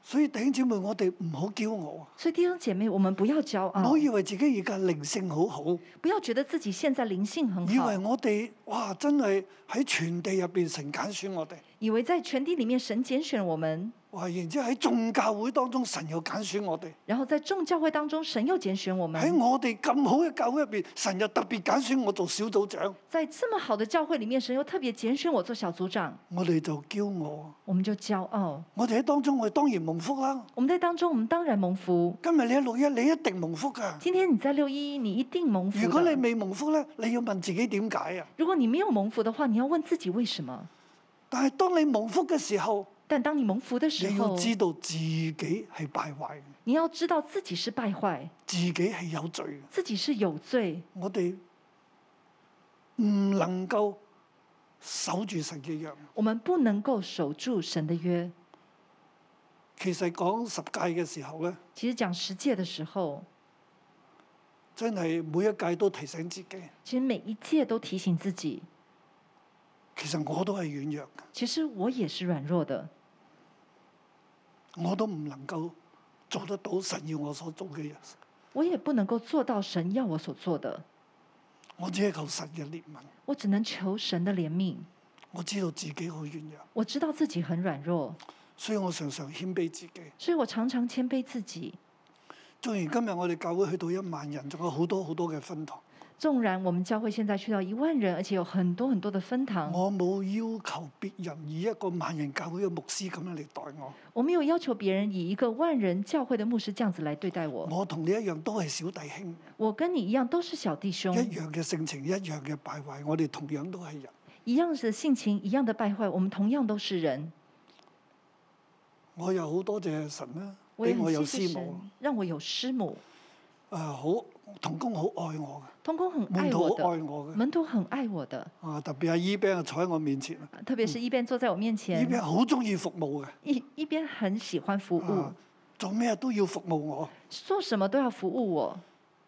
所以弟兄姐妹，我哋唔好驕傲。所以弟兄姐妹，我們不要驕傲。唔好以為自己而家靈性好好。不要覺得自己現在靈性很好。以為我哋哇，真係喺全地入邊神揀選我哋。以為在全地裏面神揀選我們。然之後喺眾教會當中，神又揀選我哋。然後在眾教會當中，神又揀選我們。喺我哋咁好嘅教會入邊，神又特別揀選我做小組長。在這麼好嘅教會裏面，神又特別揀選我做小組長。我哋就驕傲。我們就驕傲。我哋喺當中，我哋當然蒙福啦。我哋喺當中，我們當然蒙福。今日你喺六一，你一定蒙福噶。今天你在六一，你一定蒙福。如果你未蒙福咧，你要問自己點解啊？如果你沒有蒙福的話，你要問自己為什麼？但係當你蒙福嘅時候。但當你蒙福的時候，你要知道自己係敗壞。你要知道自己是敗壞。自己係有罪。自己是有罪。我哋唔能夠守住神嘅約。我們不能夠守住神嘅約。其實講十誡嘅時候咧，其實講十誡嘅時候，真係每一誡都提醒自己。其實每一誡都提醒自己。其實我都係軟弱嘅。其實我也是軟弱嘅。我都唔能夠做得到神要我所做嘅嘢。我也不能夠做到神要我所做的。我只係求神嘅憐憫。我只能求神嘅憐憫。我知道自己好軟弱。我知道自己很軟弱。所以我常常謙卑自己。所以我常常謙卑自己。縱然今日我哋教會去到一萬人，仲有好多好多嘅分堂。縱然我們教會現在去到一萬人，而且有很多很多的分堂，我冇要求別人以一個萬人教會嘅牧師咁樣嚟待我。我沒有要求別人以一個萬人教會嘅牧師這樣子來對待我。我同你一樣都係小弟兄。我跟你一樣都是小弟兄。一樣嘅性情，一樣嘅敗壞，我哋同樣都係人。一樣嘅性情，一樣嘅敗壞，我們同樣都是人。我有好多謝神啦、啊，俾我有師母，讓我有師母。啊、呃、好。童工好愛我嘅，童工很愛我的。門徒好愛我嘅，門徒很愛我的。啊，特別係一邊坐喺我面前，特別是一邊坐在我面前，嗯、一邊好中意服務嘅，一一邊很喜歡服務，啊、做咩都要服務我，做什麼都要服務我。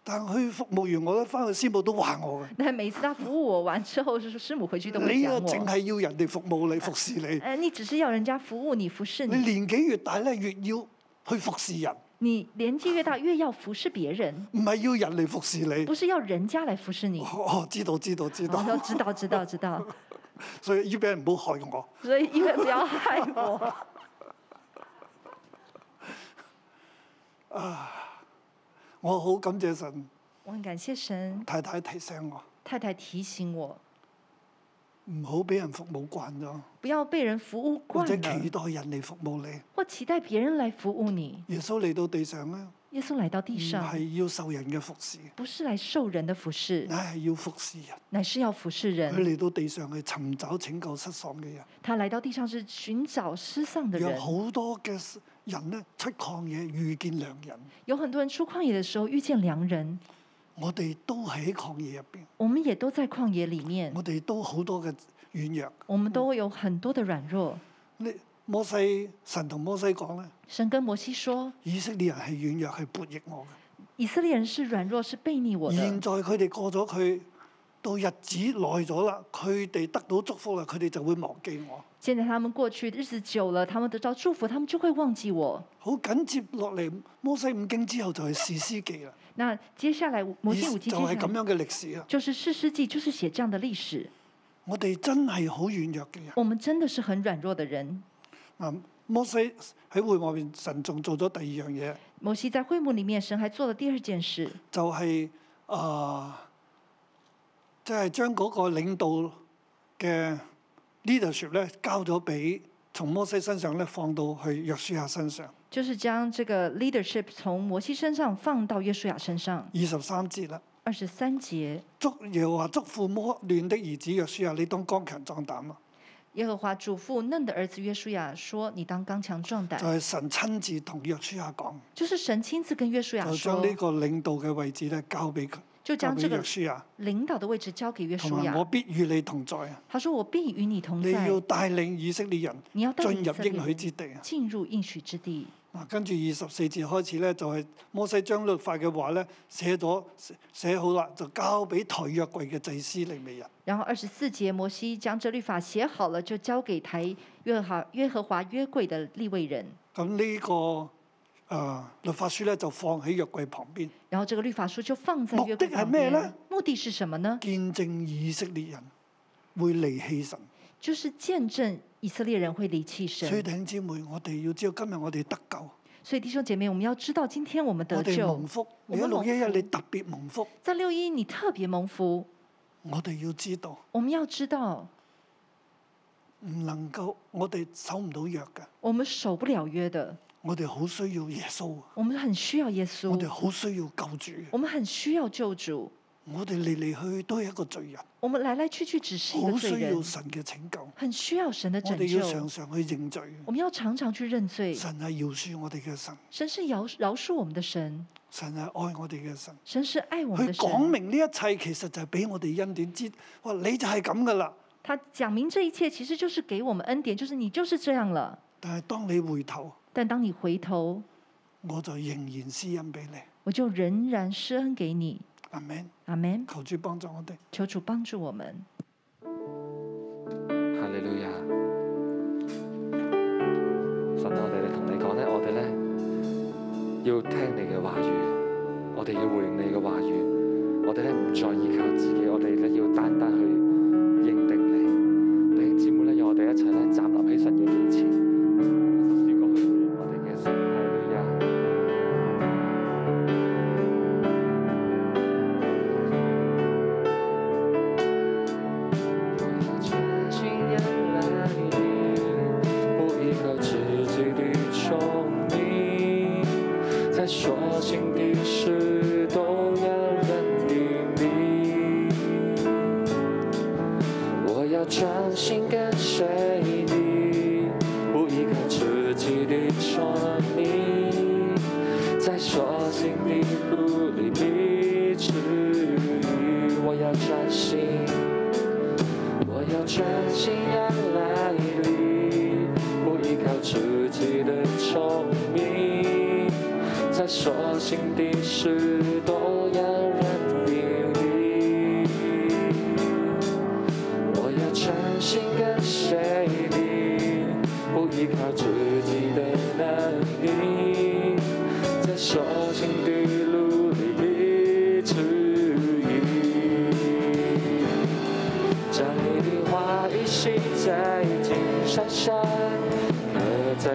但係佢服務完我都翻去，師母都話我嘅。但係每次他服務我完之後，師、 就是、師母回去都話你又淨係要人哋服務你，服侍你？誒，你只是要人家服務你服侍你。你年紀越大咧，越要去服侍人。你年紀越大，越要服侍別人。唔係要人嚟服侍你。不是要人家來服侍你。哦，知道，知道，知道。哦、知道，知道，知道。 所以要畀人唔好害我。所以一邊不要害我。 啊，我好感謝神。我很感謝神。太太提醒我。太太提醒我。唔好俾人服務慣咗。不要被人服務慣。或者期待人嚟服務你。或期待別人嚟服務你。耶穌嚟到地上咧。耶穌嚟到地上。係要受人嘅服侍。不是嚟受人的服侍。乃係要服侍人。乃是要服侍人。佢嚟到地上去尋找拯救失喪嘅人。他嚟到地上是尋找失喪嘅人。有好多嘅人呢，出曠野遇見良人。有很多人出曠野嘅時候遇見良人。我哋都喺曠野入邊，我們也都在曠野裡面。我哋都好多嘅軟弱，我們都有很多的軟弱。呢摩西，神同摩西講咧，神跟摩西說，以色列人係軟弱，係叛逆我嘅。以色列人是軟弱，是悖逆我。現在佢哋過咗去，到日子耐咗啦，佢哋得到祝福啦，佢哋就會忘記我。現在他們過去日子久了，他們得到祝福，他們就會忘記我。好緊接落嚟，摩西五經之後就係士師記啦。那接下來摩西五經接下來就係咁樣嘅歷史啊，就是士師記就是寫這樣的歷史，就是就是、史。我哋真係好軟弱嘅人，我們真的是很軟弱的人。啊，摩西喺會外面神仲做咗第二樣嘢。摩西在會幕裏面，神還做了第二件事，就係、是、啊，即係將嗰個領導嘅 leadership 咧，交咗俾從摩西身上咧，放到去約書亞身上。就是將這個 leadership 從摩西身上放到約書亞身上。二十三節啦。二十三節。耶和華囑咐摩亂的兒子約書亞，你當剛強壯膽啊。耶和華囑咐嫩的兒子約書亞說，你當剛強壯膽。就係神親自同約書亞講。就是神親自跟約書亞。就將呢個領導嘅位置咧，交俾佢。就將這個約書亞領導嘅位置交俾約書亞。我必與你同在。他說我必與你同在。你要帶領以色列人。你要進入應許之地啊。進入應許之地。跟住二十四節開始咧，就係、是、摩西將律法嘅話咧寫咗寫好啦，就交俾抬約櫃嘅祭司利未人。然後二十四節，摩西將這律法寫好了，就交給抬約哈約和華約櫃嘅利未人。咁呢、這個誒、呃、律法書咧就放喺約櫃旁邊。然後這個律法書就放在約櫃旁邊。目的係咩咧？目的是什麼呢？見證以色列人會離棄神。就是見證。以色列人會離棄神。所以弟兄姊妹，我哋要知道今日我哋得救。所以弟兄姐妹，我們要知道今天我們得救。我哋蒙福，喺六一一你特別蒙福。六一你特別蒙福。我哋要知道。我們要知道，唔能夠我哋守唔到約嘅。我們守不了約的。我哋好需要耶穌。我們很需要耶穌。我哋好需要救主。我們很需要救主。我哋嚟嚟去去都係一個罪人。我們來來去去只是一個罪人。好需要神嘅拯救。很需要神的拯救。常常去認罪。我們要常常去認罪。神係饒恕我哋嘅神。神是饒饒恕我們的神。神係愛我哋嘅神。神是愛我們。佢講明呢一切其實就係俾我哋恩典知，你就係咁噶啦。他講明這一切其實就是給我們恩典，就是你就是這樣了。但係當你回頭，但當你回頭，我就仍然施恩俾你。我就仍然施恩給你。阿門，阿門，求主幫助我哋。求主幫助我們。哈利路亞。神啊，我哋同你講咧，我哋咧要聽你嘅話語，我哋要回應你嘅話語，我哋咧唔再依靠自己，我哋咧要單單去。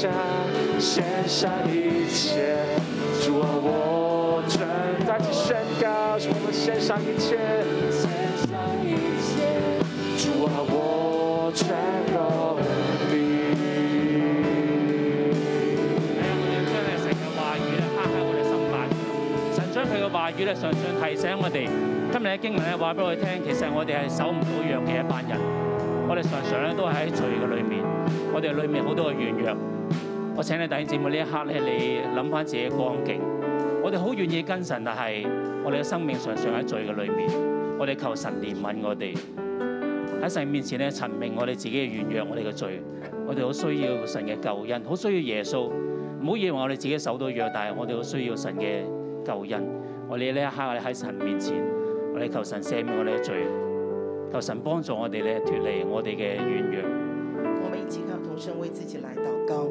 獻上一切，主啊，我全再宣告，我們獻上一切，獻上一切，主啊，哎，我全奉你。我哋將呢成嘅話語咧，刻喺我哋心版度。神將佢嘅話語咧，常常提醒我哋。今日嘅經文咧，話俾我哋聽，其實我哋係守唔到約嘅一班人。我哋常常咧都係喺罪嘅裏面，我哋裏面好多嘅軟弱。我請你弟兄姊妹呢一刻咧，你諗翻自己嘅光景。我哋好願意跟神，但係我哋嘅生命常常喺罪嘅裏面。我哋求神憐憫我哋喺神面前咧，尋明我哋自己嘅軟弱，我哋嘅罪。我哋好需要神嘅救恩，好需要耶穌。唔好以為我哋自己守到約，但係我哋好需要神嘅救恩。我哋呢一刻咧喺神面前，我哋求神赦免我哋嘅罪，求神幫助我哋咧脫離我哋嘅軟弱。我哋一起同聲為自己來禱告。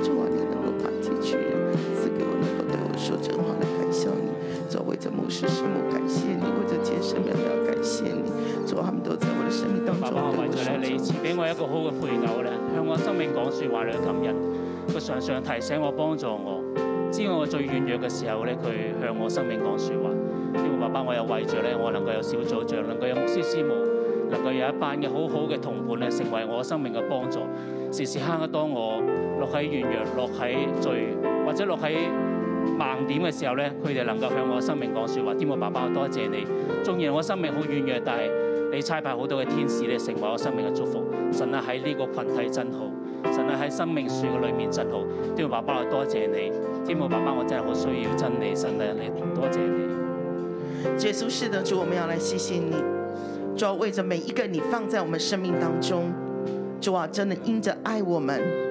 爸爸我我，我為著咧，你賜給我一個好嘅配偶咧，向我生命講說話嚟感恩。佢常常提醒我、幫助我，知我最軟弱嘅時候咧，佢向我生命講說話。呢個爸爸，我又為著咧，我能夠有小組長，能夠有牧師、師母，能夠有一班嘅好好嘅同伴咧，成為我生命嘅幫助，時時刻刻當我，落喺軟弱，落喺罪，或者落喺盲點嘅時候咧，佢哋能夠向我生命講說話。天父爸爸，我多謝你。縱然我生命好軟弱，但係你差派好多嘅天使咧，你成為我生命嘅祝福。神啊，喺呢個群體真好，神啊，喺生命樹嘅裏面真好。天父爸爸，我多謝你。天父爸爸，我真係好需要真理。神啊，你多謝你。耶穌是的主，我們要來謝謝你。主要為着每一個你放在我們生命當中，主啊，真的因着愛我們。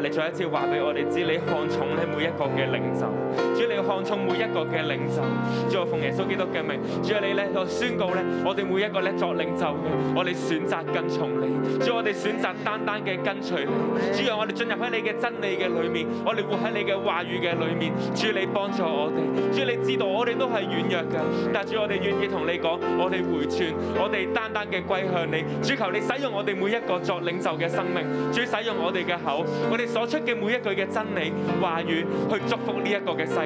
你再一次話俾我哋知，你看重咧每一個嘅領袖。主，你要看重每一個嘅領袖。主，我奉耶穌基督嘅名。主，你咧就宣告咧，我哋每一個咧作領袖嘅，我哋選擇跟從你。主，我哋選擇單單嘅跟隨你。主，讓我哋進入喺你嘅真理嘅裏面，我哋活喺你嘅話語嘅裏面。主，你幫助我哋。主，你知道我哋都係軟弱嘅，但係主，我哋願意同你講，我哋回轉，我哋單單嘅歸向你。主，求你使用我哋每一個作領袖嘅生命。主，使用我哋嘅口，我哋所出嘅每一句嘅真理話語去祝福呢一個嘅世。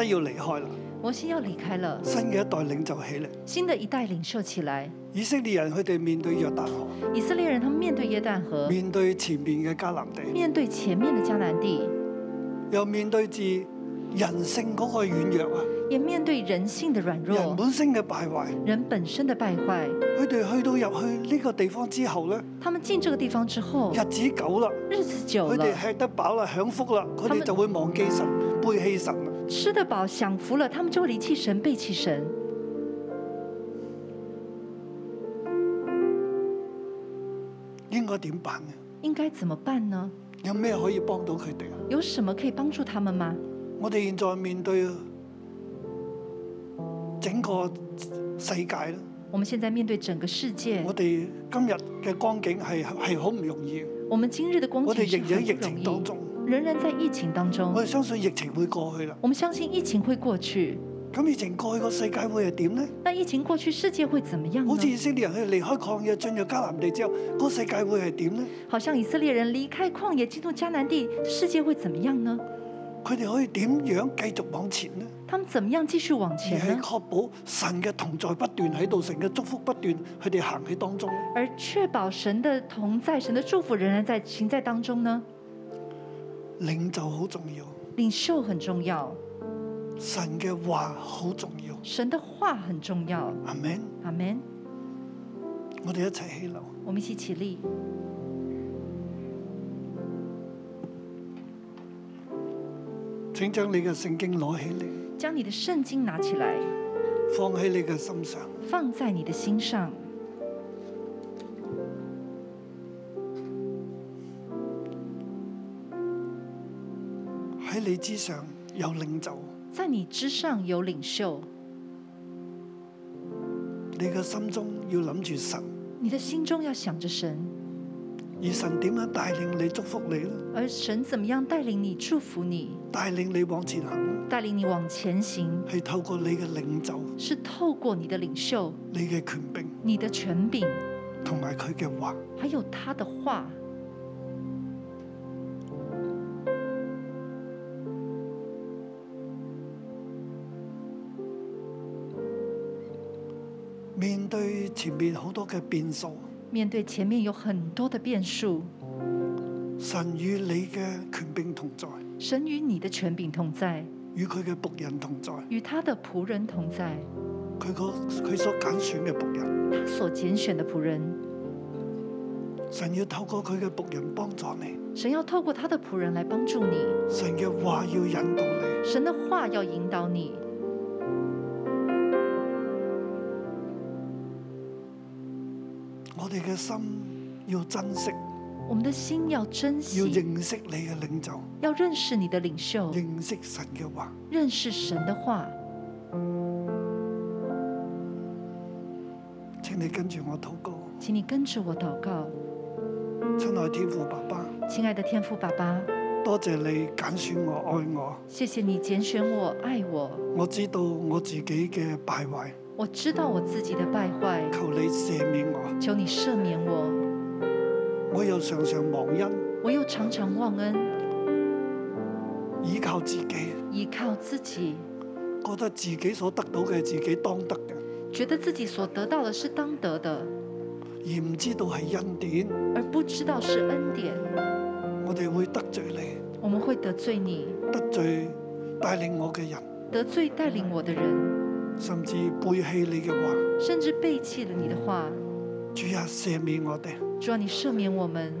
都要離開了，摩西要離開了，新嘅一代領袖起嚟，新的一代領袖起來。以色列人佢哋面對約旦河，以色列人他們面對約旦河，面對前面嘅迦南地，面對前面嘅迦南地，又面對住人性嗰個軟弱啊，亦面對人性嘅軟弱，人本身嘅敗壞，人本身嘅敗壞。佢哋去到入去呢個地方之後咧，他們進這個地方之後，日子久啦，日子久，佢哋吃得飽啦，享福啦，佢哋就會忘記神，背棄神。吃得飽、享福了，他們就離棄神、背棄神。應該點辦呢？應該怎麼辦呢？有咩可以幫到佢哋？有什麼可以幫助他們嗎？我哋現在面對整個世界。我們現在面對整個世界。我哋今日嘅光景係係好唔容易。我們今日嘅光景容易，我哋仍然喺疫情當中。仍然在疫情當中，我哋相信疫情會過去啦。我們相信疫情會過去。咁疫情過去個世界會係點呢？那疫情過去，世界會怎麼樣？好似以色列人去離開曠野，進入迦南地之後，個世界會係點呢？好像以色列人離開曠野，進入，開曠野進入迦南地，世界會怎麼樣呢？佢哋可以點樣繼續往前呢？他們怎麼樣繼續往前呢？而係確保神嘅同在不斷喺度，神嘅祝福不斷，佢哋行喺當中。而確保神嘅同在，神嘅祝福仍然在存在當中呢？領袖好重要，領袖很重要，神嘅話好重要，神嘅話很重要。阿門，阿門。我哋一齊起立。我們一起起立。請將你嘅聖經攞起嚟，將你嘅聖經拿起來，放喺你嘅心上，放在你的心上。你之上有領袖，在你之上有領袖。你嘅心中要諗住神，你嘅心中要想着神。而神點樣帶領你祝福你呢？而神怎麼樣帶領你祝福你？帶領你往前行，帶領你往前行，係透過你嘅領袖，是透過你嘅領袖，你嘅權柄，你的權柄，同埋佢嘅話，還有他嘅話。面對前面好多嘅變數，面對前面有很多嘅變數。神與你嘅權柄同在，神與你嘅權柄同在，與佢嘅僕人同在，與他的僕人同在，佢個佢所揀選嘅僕人，他所揀選的僕人。神要透過佢嘅僕人幫助你，神要透過他的僕人來幫助你，神嘅話要引導你，神嘅話要引導你。心要珍惜，我們的心要珍惜，要認識你嘅領袖，要認識你的領袖，認識神嘅話，認識神的話，請你跟住我禱告，請你跟住我禱告，親愛天父爸爸，親愛的天父爸爸，多謝你揀選我愛我，謝謝你揀選我愛我，我知道我自己嘅敗壞。我知道我自己的敗壞，求你赦免我。求你赦免我。我又常常忘恩。我又常常忘恩。依靠自己。依靠自己。覺得自己所得到嘅，自己當得嘅。覺得自己所得到嘅是當得的。而唔知道係恩典。而不知道是恩典。我哋會得罪你。我們會得罪你。得罪帶領我嘅人。得罪帶領我的人。甚至背棄你嘅話，甚至背棄了你嘅話，主啊，赦免我哋，主啊你赦免我們，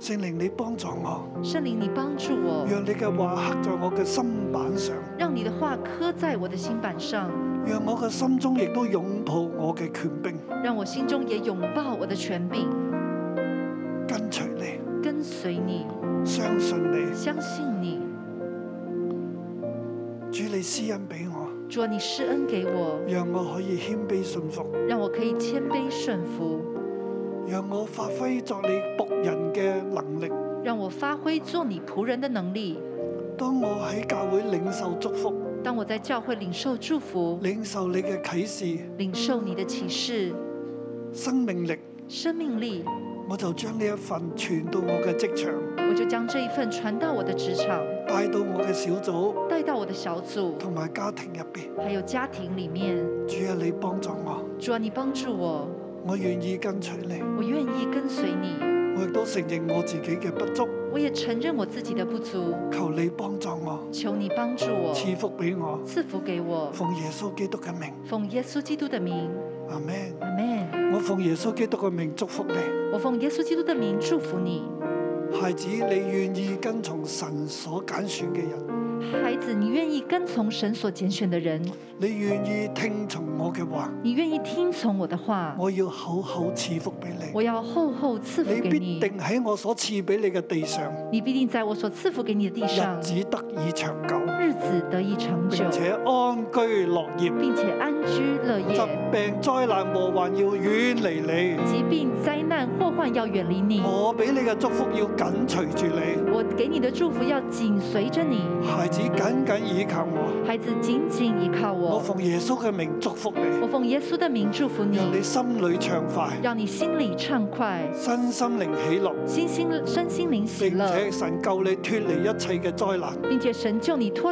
聖靈你幫助我，聖靈你幫助我，讓你嘅話刻在我嘅心板上，讓你嘅話刻在我的心板上，讓我嘅心中亦都擁抱我嘅權柄，讓我心中也擁抱我的權柄，跟隨你，跟隨你，相信你，相信。施你施恩給我，讓我可以謙卑順服，讓我可以謙卑順服，讓我發揮作你僕人嘅能力，讓我發揮作你僕人的能力。當我喺教會領受祝福，當我在教會領受祝福，領受你嘅啟示，領受你的啟示，生命力，生命力。我就將呢一份傳到我嘅職場，我就將這一份傳到我嘅職場，帶到我嘅小組，帶到我嘅小組，同埋家庭入邊，還有家庭裏面。主啊，你幫助我，主啊，你幫助我，我願意跟隨你，我願意跟隨你，我亦都承認我自己嘅不足，我也承認我自己的不足，求你幫助我，求你幫助我，賜福俾我，賜福給我，奉耶穌基督嘅名，奉耶穌基督嘅名。阿門，阿門。我奉耶穌基督嘅名祝福你。我奉耶穌基督嘅名祝福你。孩子，你願意跟從神所揀選嘅人？孩子，你願意跟從神所揀選嘅人？你願意聽從我嘅話？你願意聽從我嘅話？我要好好賜福俾你。我要厚厚賜福給你。你必定喺我所賜俾你嘅地上。你必定在我所賜福給你嘅地上，日子得以長久。日子得以長久，且安居樂業，並且安居樂業。疾病災難禍患要遠離你，疾病災難禍患要遠離你。我俾你嘅祝福要緊隨住你，我給你的祝福要緊隨着你。孩子緊緊依靠我，孩子緊緊依靠我。我奉耶穌嘅名祝福你，我奉耶穌的名祝福你，讓你心裏暢快，讓你心裏暢快，身心靈喜樂，身心身心靈喜樂，且神救你脫離一切嘅災難，並且神救你脫。